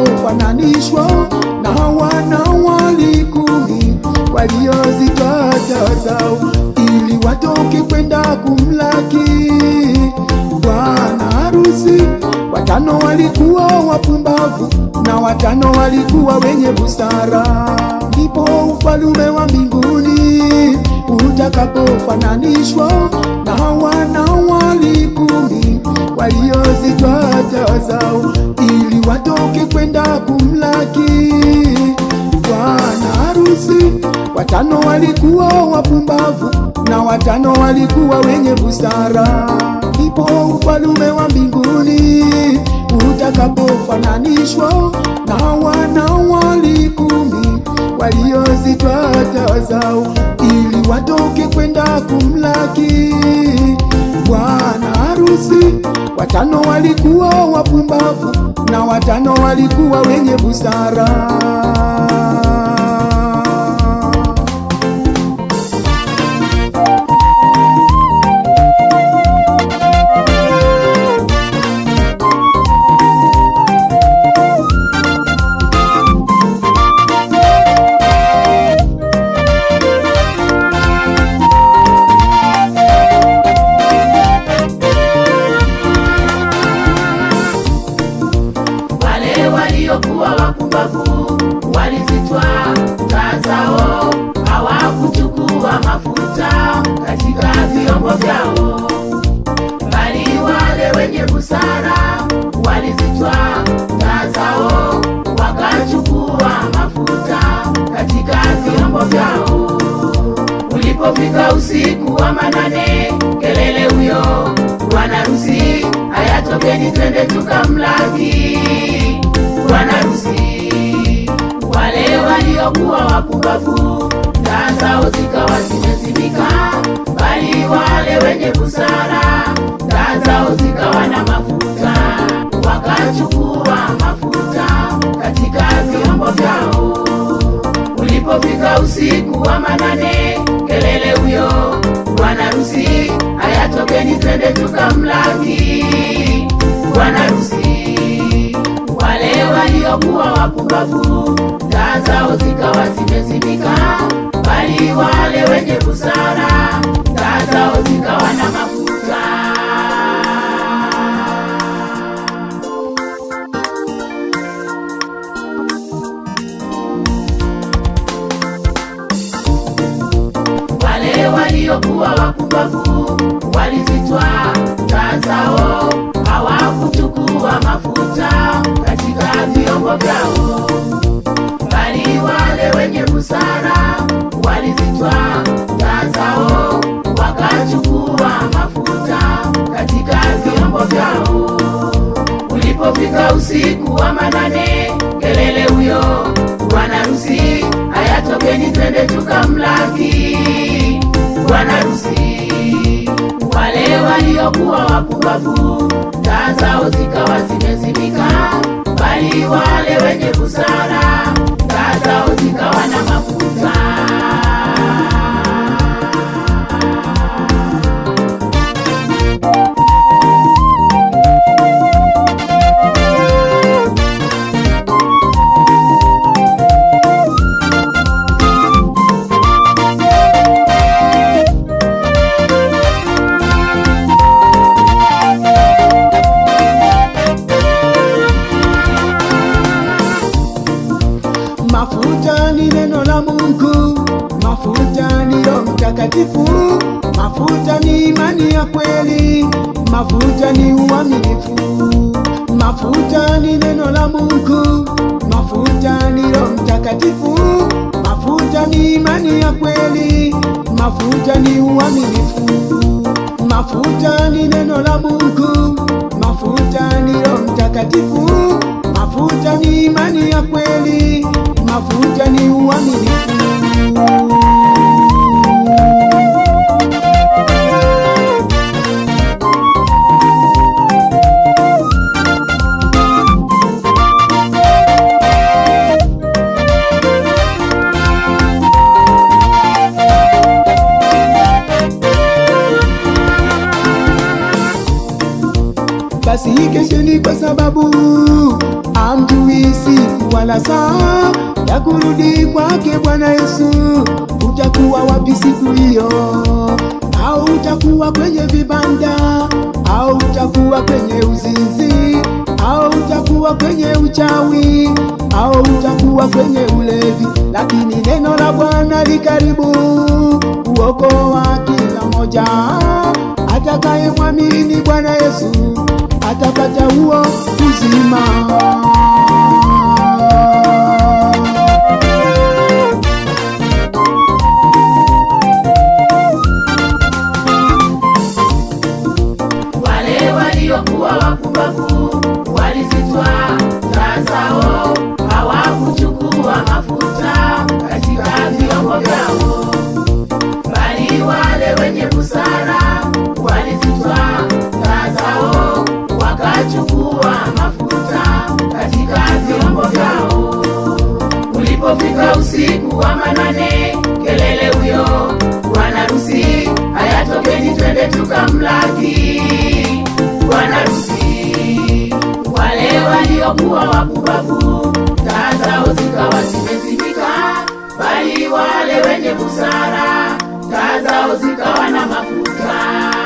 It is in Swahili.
wanaofananishwa na hawana wali kumi waliozitoa ndoa zao ili watoke kwenda kumlaki bwana harusi. Watano walikuwa wapumbavu na watano walikuwa wenye busara. Ndipo ufalume wa mbinguni utakapofananishwa na hawana wali kumi waliozitoa ndoa zao watoke kwenda kumlaki bwana harusi. Watano walikuwa wapumbavu na watano walikuwa wenye busara. ipo ufalume wa mbinguni utakapofananishwa na wanawali kumi waliozitwaa watano walikuwa wapumbavu na watano walikuwa wenye busara. walizitwaa taa zao, hawakuchukua mafuta katika vyombo vyao, bali wale wenye busara walizitwaa taa zao, wakachukua mafuta katika vyombo vyao. Ulipofika usiku wa manane, kelele huyo bwana harusi, haya tokeni, twende tukamlaki waliokuwa wapumbavu taa zao zikawa zimezimika, bali wale wenye busara taa zao zikawa na mafuta, wakachukua mafuta katika vyombo vyao. Ulipofika usiku wa manane, kelele huyo bwana harusi, aya tokeni twende tukamlaki bwana harusi waliokuwa wapumbavu, taa zao zikawa zimezimika, bali wale wenye busara, taa zao zikawa na wagao, bali wale wenye busara walizitwa taa zao, wakachukua mafuta katika vyombo vyao. Ulipofika usiku wa manane, kelele huyo bwana harusi, haya tokeni, twende tukamlaki bwana harusi. Wale waliokuwa wapumbavu taa zao zikawa zimezimika Heri wale wenye busara mtakatifu. Mafuta ni imani ya kweli, mafuta ni uaminifu, mafuta ni neno la Mungu, mafuta ni Roho Mtakatifu. Mafuta ni imani ya kweli, mafuta ni uaminifu, mafuta ni neno la Mungu, mafuta ni Roho Mtakatifu. Mafuta ni imani ya kweli, mafuta ni uaminifu asikesheni kwa sababu amjui siku wala saa ya kurudi kwake Bwana Yesu. Utakuwa wapi siku hiyo? Au utakuwa kwenye vibanda, au utakuwa kwenye uzinzi, au utakuwa kwenye uchawi, au utakuwa kwenye ulevi. Lakini neno la Bwana likaribu kuokoa kila moja atakaye mwamini Bwana Yesu atapata huo uzima. usiku wa manane, kelele huyo bwana harusi, hayatokeni, twende tukamlaki bwana harusi. Wale waliokuwa wapumbavu, taa zao zikawa zimezimika, bali wale wenye busara, taa zao zikawa na mafuta.